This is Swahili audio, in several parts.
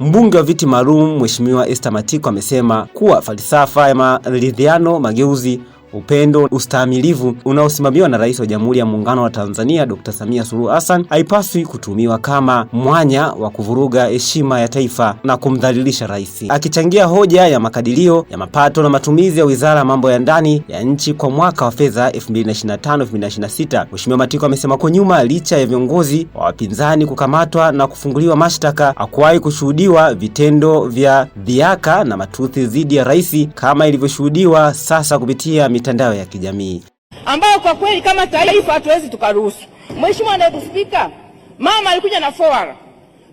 Mbunge wa viti maalum Mheshimiwa Esther Matiko amesema kuwa falsafa ya maridhiano mageuzi upendo, ustahimilivu unaosimamiwa na Rais wa Jamhuri ya Muungano wa Tanzania Dr. Samia Suluhu Hassan haipaswi kutumiwa kama mwanya wa kuvuruga heshima ya taifa na kumdhalilisha rais. Akichangia hoja ya makadirio ya mapato na matumizi ya Wizara ya Mambo ya Ndani ya nchi kwa mwaka wa fedha 2025/2026, Mheshimiwa Matiko amesema kwa nyuma, licha ya viongozi wa wapinzani kukamatwa na kufunguliwa mashtaka, hakuwahi kushuhudiwa vitendo vya dhihaka na matusi dhidi ya rais kama ilivyoshuhudiwa sasa kupitia mitandao ya kijamii ambayo kwa kweli kama taifa hatuwezi tukaruhusu. Mheshimiwa Naibu Spika, mama alikuja na fora,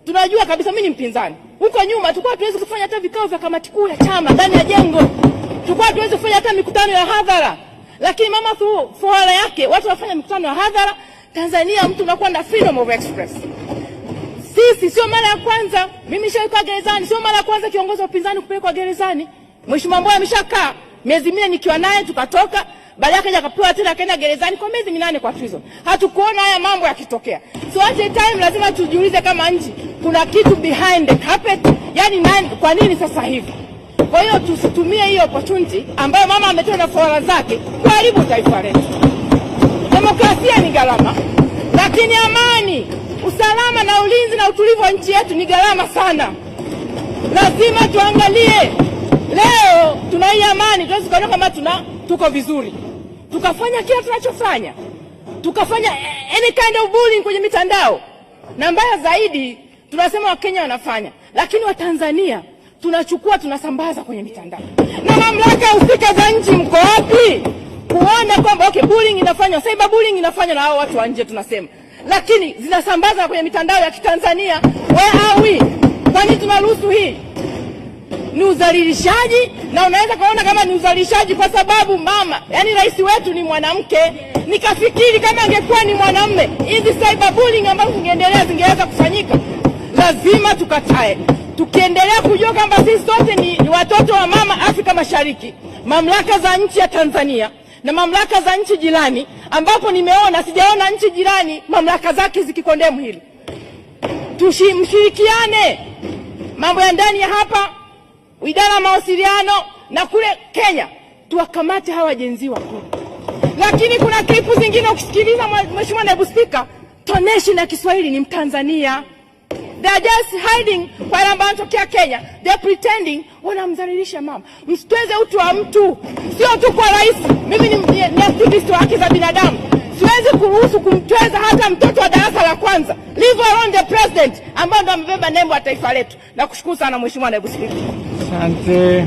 tunajua kabisa mimi ni mpinzani. Huko nyuma tulikuwa hatuwezi kufanya hata vikao vya kamati kuu ya chama ndani ya jengo, tulikuwa hatuwezi kufanya hata mikutano ya hadhara, lakini mama tu fora yake watu wanafanya mikutano ya hadhara. Tanzania mtu unakuwa na freedom of express. Sisi sio mara ya kwanza, mimi nishaikwa gerezani, sio mara ya kwanza kiongozi wa upinzani kupelekwa gerezani. Mheshimiwa Mboya ameshakaa miezi minne nikiwa naye tukatoka, baada yake akapewa tena, akaenda gerezani kwa miezi minane kwa prison. Hatukuona haya mambo yakitokea. So at the time lazima tujiulize kama nchi kuna kitu behind the carpet, yani nani, kwa nini sasa hivi? Kwa hiyo tusitumie hiyo opportunity ambayo mama ametoa na fawara zake kuharibu taifa letu. Demokrasia ni gharama, lakini amani, usalama na ulinzi na utulivu wa nchi yetu ni gharama sana. Lazima tuangalie Tuna hii amani, tuwezi kuona kama tuna tuko vizuri, tukafanya kila tunachofanya, tukafanya any kind of bullying kwenye mitandao, na mbaya zaidi tunasema Wakenya wanafanya, lakini Watanzania tunachukua tunasambaza kwenye mitandao. Na mamlaka husika za nchi, mko wapi kuona kwamba okay, bullying inafanywa, cyber bullying inafanywa na hao watu wa nje tunasema, lakini zinasambaza kwenye mitandao ya Kitanzania. Where are we? Kwani tunaruhusu hii? ni udhalilishaji, na unaweza kuona kama ni udhalilishaji kwa sababu mama, yani rais wetu ni mwanamke. Nikafikiri kama angekuwa ni mwanamme hizi bullying ambazo zingeendelea zingeweza kufanyika. Lazima tukatae, tukiendelea kujua kwamba sisi sote ni, watoto wa mama Afrika Mashariki. Mamlaka za nchi ya Tanzania na mamlaka za nchi jirani, ambapo nimeona sijaona nchi jirani mamlaka zake zikikondemu hili, Tushimshirikiane mambo ya ndani ya hapa idara ya mawasiliano na kule Kenya tuwakamate hawa wajenzi wakuu. Lakini kuna klipu zingine ukisikiliza, Mheshimiwa Naibu Spika, toneshi na Kiswahili ni Mtanzania. They are just hiding kwa anatokea Kenya, they are pretending, wanamdhalilisha mama. Msitweze utu wa mtu, sio tu kwa rais. Mimi ni, ni, ni activist wa haki za binadamu hawezi kuruhusu kumtweza hata mtoto wa darasa la kwanza, leave alone the president ambaye ndo amebeba nembo ya taifa letu. Nakushukuru sana Mheshimiwa Naibu Spika, asante.